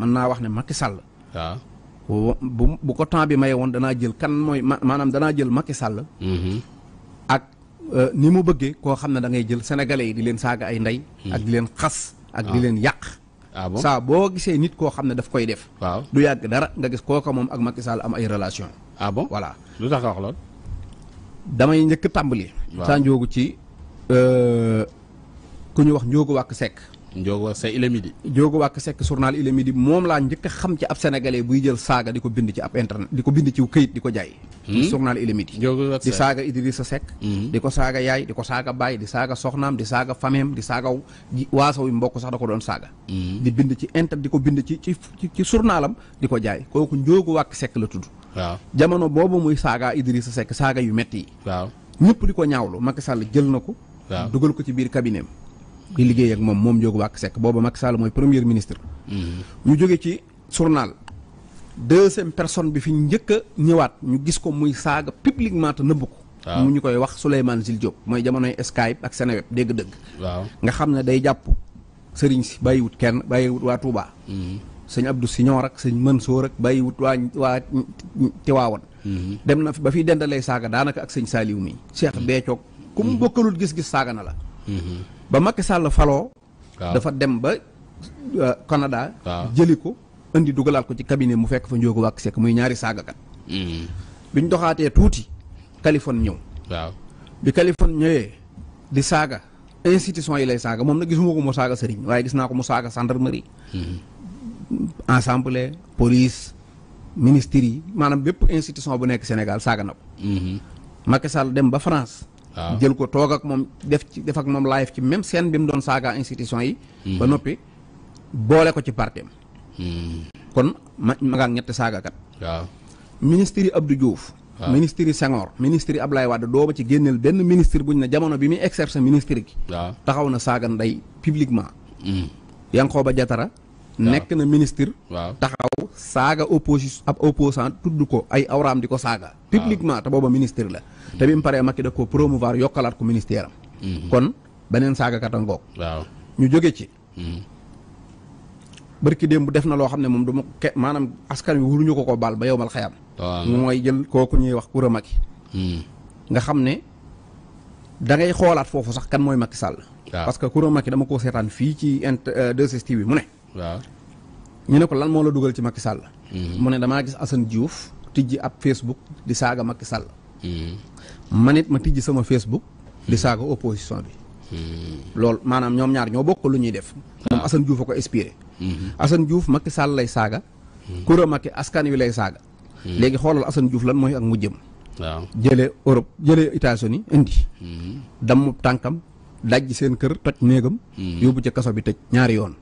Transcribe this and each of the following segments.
mën naa wax ne Macky Sall. waaw bu bu ko temps bi maye woon danaa jël kan mooy maanaam danaa jël Macky Sall. Mm-hmm. ak euh, ni mu bëggee koo xam ne dangay jël sénégalais yi di leen saaga ay ndey. Mm-hmm. ak di leen xas ak di ah. leen yàq. ah bon saa boo gisee nit koo xam ne daf koy def. waaw du yàgg dara nga gis kooka moom ak Macky Sall am ay relation ah bon voilà lu tax wax lool. damay njëkk tàmbali. waaw saa ci. Euh, ku ñu wax Ndiogo wàkk sekk Ndiogo Wack Seck Ile Midi. Ndiogo Wack Seck journal moom laa njëkk a xam ci ab sénégalais buy jël saaga di ko bind ci ab internet di ko bind ci këyit di ko jaay. Hmm? ci journal Ile Midi. di saaga Idrissa hmm? di ko saaga yaay di ko saaga baay di saaga soxnaam di saaga fameem di saaga waasaw yi mbokk sax da ko doon saaga. Hmm? di bind ci internet di ko bind ci ci ci journalam di ko jaay kooku Ndiogo wàkk sekk la tudd. jamono boobu muy saaga Idrissa Seck saaga yu metti yi. waaw ñëpp di ko ñaawlu Macky Sall jël na ko. dugal ko ci biir cabinet di liggéey ak moom moom Ndiogou Wack Seck booba Macky Sall mooy premier ministre. Mm-hmm. ñu jóge ci journal. deuxième personne bi fi njëkk a ñëwaat ñu gis ko muy saaga publiquement te nëbb ko. mu ñu koy wax Souleymane Jules Diop mooy jamonoy Skype ak Seneweb dégg-dëgg. waaw nga xam ne day jàpp sëriñ si bàyyiwut kenn bàyyiwut waa Touba. Mm-hmm. sëñ Abdou Siñoor ak mën soo rek bàyyiwut waa waa Tiwaawan. Mm-hmm. dem na ba fiy dendalee saaga daanaka ak sëñ Saaliw mi. Cheikh Béthio ku mu bokkalul gis-gis saaga na la. ba Macky Sall faloo. dafa dem ba euh, Canada. jëli ko indi dugalaat ko ci cabinet mu fekk fa Ndiogou Wack Seck muy ñaari saagakat. Hmm. biñ doxaatee tuuti Californie ñëw. bi Californie ñëwee di saaga institution yi lay saaga moom na gisuma ko mu saaga sëriñ waaye gis naa ko mu saaga gendarmerie. Hmm. ensemble police ministère yi maanaam bépp institution bu nekk senegal saaga na ko. Hmm. Macky Sall dem ba France. jël ko toog ak moom def ci def ak moom live ci même scène bi mu doon saaga institution yi. Hmm. ba noppi boole ko ci partem hmm. kon ma ma ngaa ñetti saagakat. waaw ministre yi Abdou Diouf. waaw ministre yi Senghor. ministre yi ci génneel benn ministre buñ ne jamono bi muy exercer ministre gi. taxaw na saaga ndey publiquement. Hmm. ba Diattara. nekk na ministre. waaw taxaw saaga opposition ab opposant tudd ko ay awraam di ko saaga. publiquement te booba la. te bi mu paree Macky da ko promouvoir yokkalaat ko ministère am. Mhm. kon beneen saaga kat a ngoog. ñu jóge ci. Mhm. barki démb def na loo xam ne moom du ma ke maanaam askan wi wuruñu ko ko baal ba yow mal xayam. mooy jël kooku ñuy wax kura Macky. Mhm. nga xam ne da ngay xoolaat foofu sax kan mooy Macky Sall. parce que kura Macky dama ko seetaan fii ci int 2 bi mu ne. waaw ñu ne ko lan moo la dugal ci Macky Sall. Mm-hmm. mu ne damaa gis Assane Diouf tijji ab Facebook di saaga Macky Sall. Mm-hmm. manit it ma tijji sama Facebook di saaga opposition bi. Mm-hmm. loolu maanaam ñoom ñaar ñoo bokk lu ñuy def. moom ah. Assane Diouf a ko inspiré. Assane Diouf Macky sàll lay saaga. Koura Macky askan wi lay saaga. léegi xoolal Assane Diouf lan mooy ak mu jëm. waaw jëlee Europe jëlee États-Unis indi. damm tànkam dajji seen kër toj néegam. yóbbu ca kaso bi tëj ñaari yoon.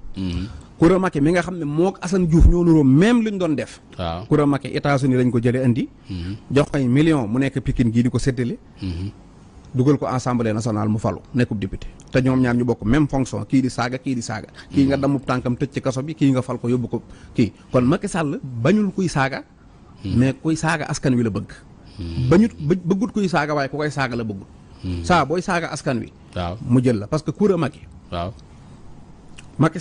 Koura Macky mi nga xam ne moo Assane Diouf ñoo nuroo même luñ doon def. waaw Koura Macky États-Unis lañ ko jëlee indi. Mhm. jox ko ay mu nekk Pikine gii di ko séddale. Mhm. dugal ko assemblée nationale mu falu nekkub député te ñoom ñaar ñu bokk même fonction kii di saaga kii di saaga. Mhm. kii nga mu tànkam tëj ci kaso bi kii nga fal ko yóbbu ko kii kon Macky Sall bañul kuy saaga. mais kuy saaga askan wi la bëgg. bañut bëggut kuy saaga waaye ku koy saaga la bëggut. saa booy saaga askan wi. mu jël la parce que Koura Macky. waaw Macky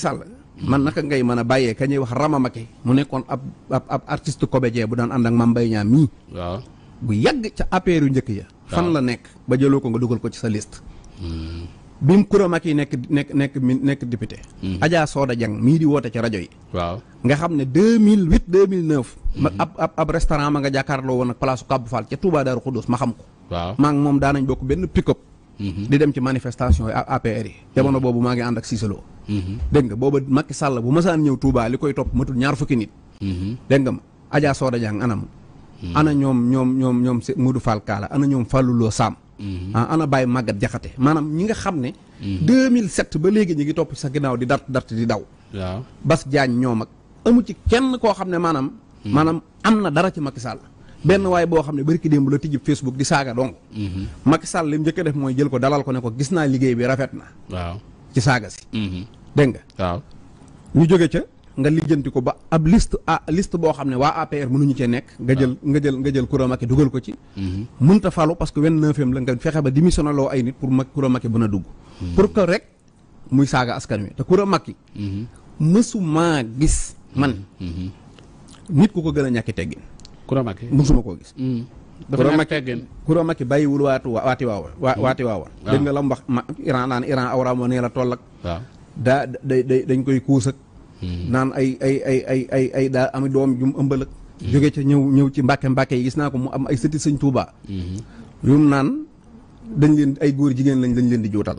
man naka ngay mën a bàyyee ka ñuy wax ramamake mu nekkoon ab ab ab artiste comédien bu daan ànd ak Mame Mbaye Niang mii waaw bu yàgg ca APR yu njëkk ya fan la nekk ba jëloo ko nga dugal ko ci sa list hmm. bi mu kuréel ak yi nekk nekk nekk nekk député. Hmm. Adja Soda Dieng mii di woote ci rajo yi. waaw nga xam ne 2008 2009. ma hmm. ab ab ab restaurant ma nga jàkkaarloo woon ak place Kabou Fall ca Touba Darou Khoudoss ma xam ko. waaw maa ngi moom daanañ bokk benn pick-up. di dem ci manifestation yi APR yi. jamono boobu maa ngi ànd ak Cissé Mm-hmm. dégg nga booba Macky Sall bu ma saan ñëw tuubaali koy topp matul ñaar fukki nit. Mm-hmm. dégg nga ma Adja Soda Diang anam. Mm-hmm. ana ñoom ñoom ñoom mu du Fall Kaala ana ñoom Fallou Lo Sam. Ah, ana Baye Maguette Diakhaté maanaam ñi nga xam ne. 2007 ba léegi ñu ngi topp sa ginnaaw di dart dart di daw. waaw Bas Diagne ñoom ak amu ci kenn koo xam ne maanaam. maanaam am na dara ci Macky Sall. benn waaye boo xam ne barki démb la tijji Facebook di saaga donc. Macky Sall li njëkk def mooy jël ko dalal ko ne ko gis naa liggéey bi rafet na. waaw ci saaga si. Mm-hmm. dégg nga. waaw ñu jóge ca nga lijjanti ko ba ab liste a ah, list boo xam ne waa APR mënuñu cee nekk. nga jël nga jël nga jël Coura Macky dugal ko ci. mënta mm-hmm. falu parce que vingt-neuvième la nga fexe ba démissionnaloo ay nit pour ma Coura Macky mën a dugg. Mm-hmm. pour que rek muy saaga askan wi te Coura Macky. mësuma gis man. nit ku ko gën a ñàkki teggin. Coura mësuma koo gis. dafa ñàkk teggin kuroo Macky bàyyiwul waatu hmm. waati waawa waati ah. waawa dégg nga la mu wax Iran naan Iran awra moo nee la toll ak ah. daa dañ koy kuus hmm. naan ay ay ay ay ay ay daa am doom ju mu ëmbal ak hmm. jóge ca ñëw ñëw ci mbàkke mbàkke yi gis naa ko mu am ay sëti sëñ Touba yum naan dañ leen ay góor jigéen lañ lañ leen di juutal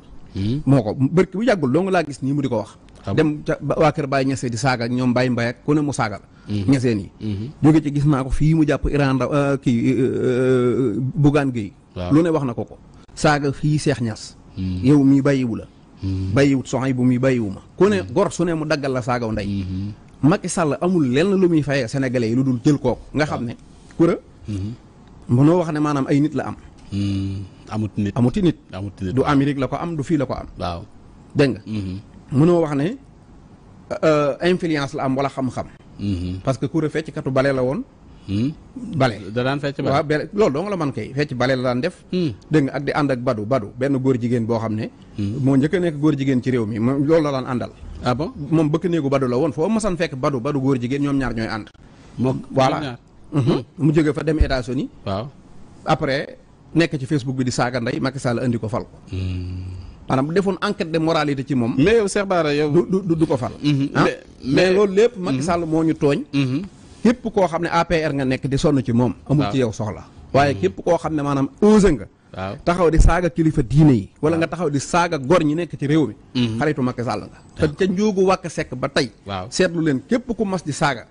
moo ko bërki bu yàggul doo nga laa gis nii mu di ko wax dem ca waa kër Baye Niassé di saaga ñoom Baye Mbaye ak ku ne mu saaga Niassé yi mhm. jóge ci gis naa ko fii mu jàpp Iran Ndaw euh, kii euh, euh, Bougane Gueye lu ne wax na ko ko saaga fii Cheikh ñas mhm. yow mii bàyyiwu la mhm. bàyyiwut soxay bu muy bàyyiwu ma ku ne gor su ne mu daggal la saagaw ndey Macky Sall amul lenn lu muy fayee sénégalais yi lu dul jël kooku nga xam ne kura mënoo wax ne maanaam ay nit la am amuti nit amuti nit du Amérique la ko am du fii la ko am waaw dégg mënoo wax ne euh, influence la am wala xam-xam. Mhm. parce que Coura fecc katu bale la woon. Hmm? bale da daan fecc bale waaw bale loolu doo nga la man kay fecc bale la daan def. Hmm. dégg nga ak di ànd ak badu badu benn góor jigéen boo xam ne. Hmm. moo njëkk a nekk góor jigéen ci réew mi moom loolu la daan àndal. ah moom bëkk néegu badu la woon foo masan fekk badu badu góor jigéen ñoom ñaar ñooy ànd. moom voilà mhm. mu jóge fa dem États-Unis. waaw après nekk ci Facebook bi di saaga ndey Macky Sall andi ko fal maanaam bu defoon enquête de ci moom. mais yow Cheikh Bara yow. du du du ko fal. Mhm. Ah, mais loolu lépp. Macky mhm. Sall moo ñu tooñ. Mhm. képp koo xam ne APR nga nekk di sonn ci moom. amul ci yow soxla. waaye képp koo xam ne maanaam osé nga. taxaw di saaga kilifa diine yi. wala nga taxaw di saaga gor ñi nekk ci réew mi. xaritu Macky Sall nga. te ca njóogu wàkk sekk ba tey. waaw seetlu leen képp ku mas di saaga.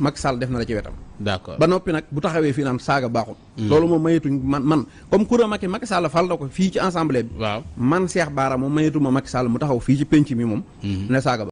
Macky Sall def na la ci wetam. d'accord ba noppi nag bu taxawee fii naan saaga baaxul. Hmm. loolu moom mayetuñ man man comme kuréel Macky Macky Sall fal na ko fii ci assemblée bi. waaw man Cheikh Bara moom mayetu ma Macky mu taxaw fii ci penc mi moom. Hmm. ne saaga